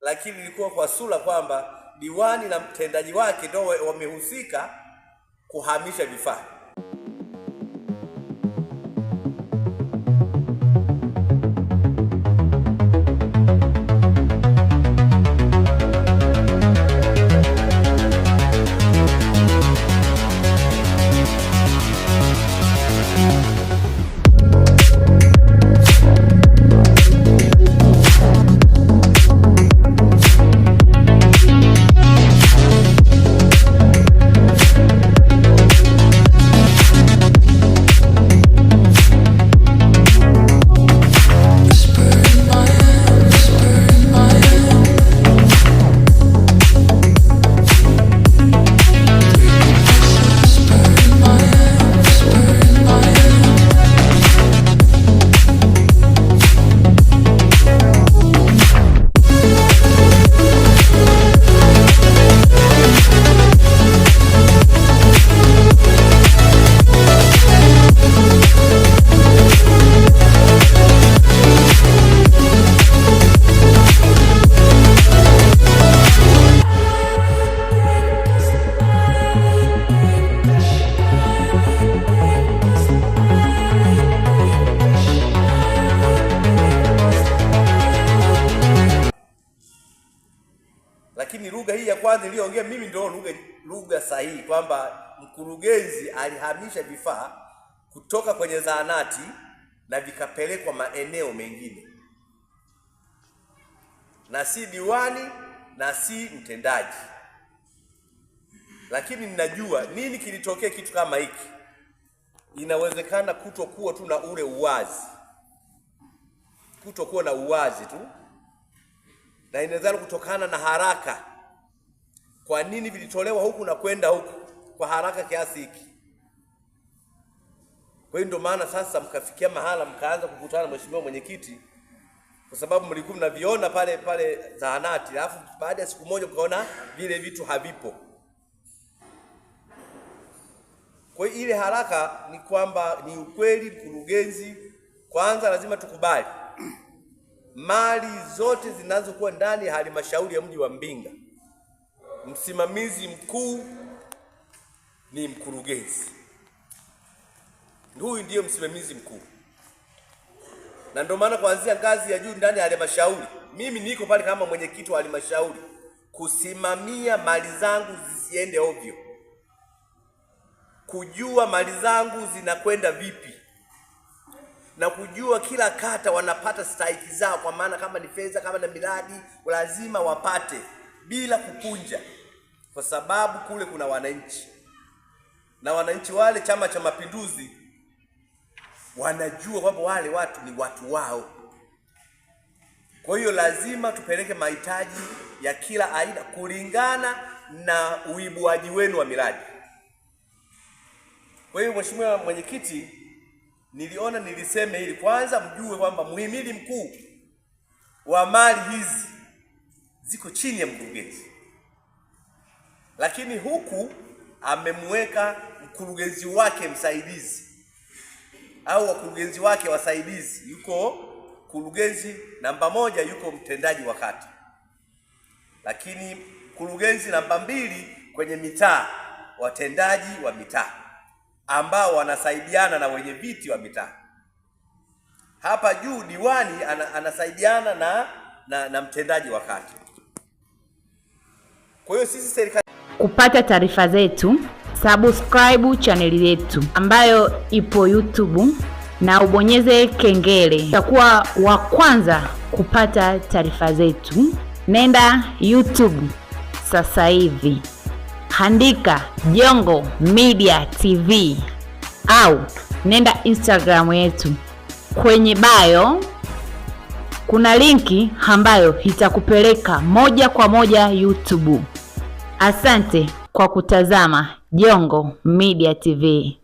lakini ilikuwa kwa sura kwamba diwani na mtendaji wake ndio wamehusika kuhamisha vifaa. hii ya kwanza iliyoongea mimi ndio lugha lugha sahihi, kwamba mkurugenzi alihamisha vifaa kutoka kwenye zahanati na vikapelekwa maeneo mengine, na si diwani na si mtendaji. Lakini ninajua nini kilitokea kitu kama hiki. Inawezekana kutokuwa tu na ule uwazi, kutokuwa na uwazi tu, na inawezekana kutokana na haraka kwa nini vilitolewa huku na kwenda huku kwa haraka kiasi hiki? Kwa hiyo ndio maana sasa mkafikia mahala mkaanza kukutana mheshimiwa mwenyekiti, kwa sababu mlikuwa mnaviona pale pale zahanati, alafu baada ya siku moja mkaona vile vitu havipo. Kwa hiyo ile haraka ni kwamba ni ukweli, mkurugenzi, kwanza lazima tukubali mali zote zinazokuwa ndani ya halmashauri ya mji wa Mbinga msimamizi mkuu ni mkurugenzi. Huyu ndiyo msimamizi mkuu, na ndio maana kuanzia ngazi ya juu ndani ya halmashauri, mimi niko pale kama mwenyekiti wa halmashauri kusimamia mali zangu zisiende ovyo, kujua mali zangu zinakwenda vipi na kujua kila kata wanapata stahiki zao, kwa maana kama ni fedha, kama na miradi lazima wapate bila kukunja, kwa sababu kule kuna wananchi na wananchi wale Chama cha Mapinduzi wanajua kwamba wale watu ni watu wao. Kwa hiyo lazima tupeleke mahitaji ya kila aina kulingana na uibuaji wenu wa miradi. Kwa hiyo Mheshimiwa Mwenyekiti, niliona niliseme hili kwanza, mjue kwamba mhimili mkuu wa mali hizi ziko chini ya mkurugenzi, lakini huku amemweka mkurugenzi wake msaidizi au wakurugenzi wake wasaidizi, yuko mkurugenzi namba moja, yuko mtendaji wa kata, lakini mkurugenzi namba mbili kwenye mitaa, watendaji wa mitaa ambao wanasaidiana na wenye viti wa mitaa. Hapa juu diwani anasaidiana na, na, na mtendaji wa kata. Kwa hiyo sisi serikali kupata taarifa zetu, subscribe chaneli yetu ambayo ipo YouTube na ubonyeze kengele, utakuwa wa kwanza kupata taarifa zetu. Nenda YouTube sasa hivi, handika Jongo Media TV au nenda Instagram yetu, kwenye bio kuna linki ambayo itakupeleka moja kwa moja YouTube. Asante kwa kutazama Jongo Media TV.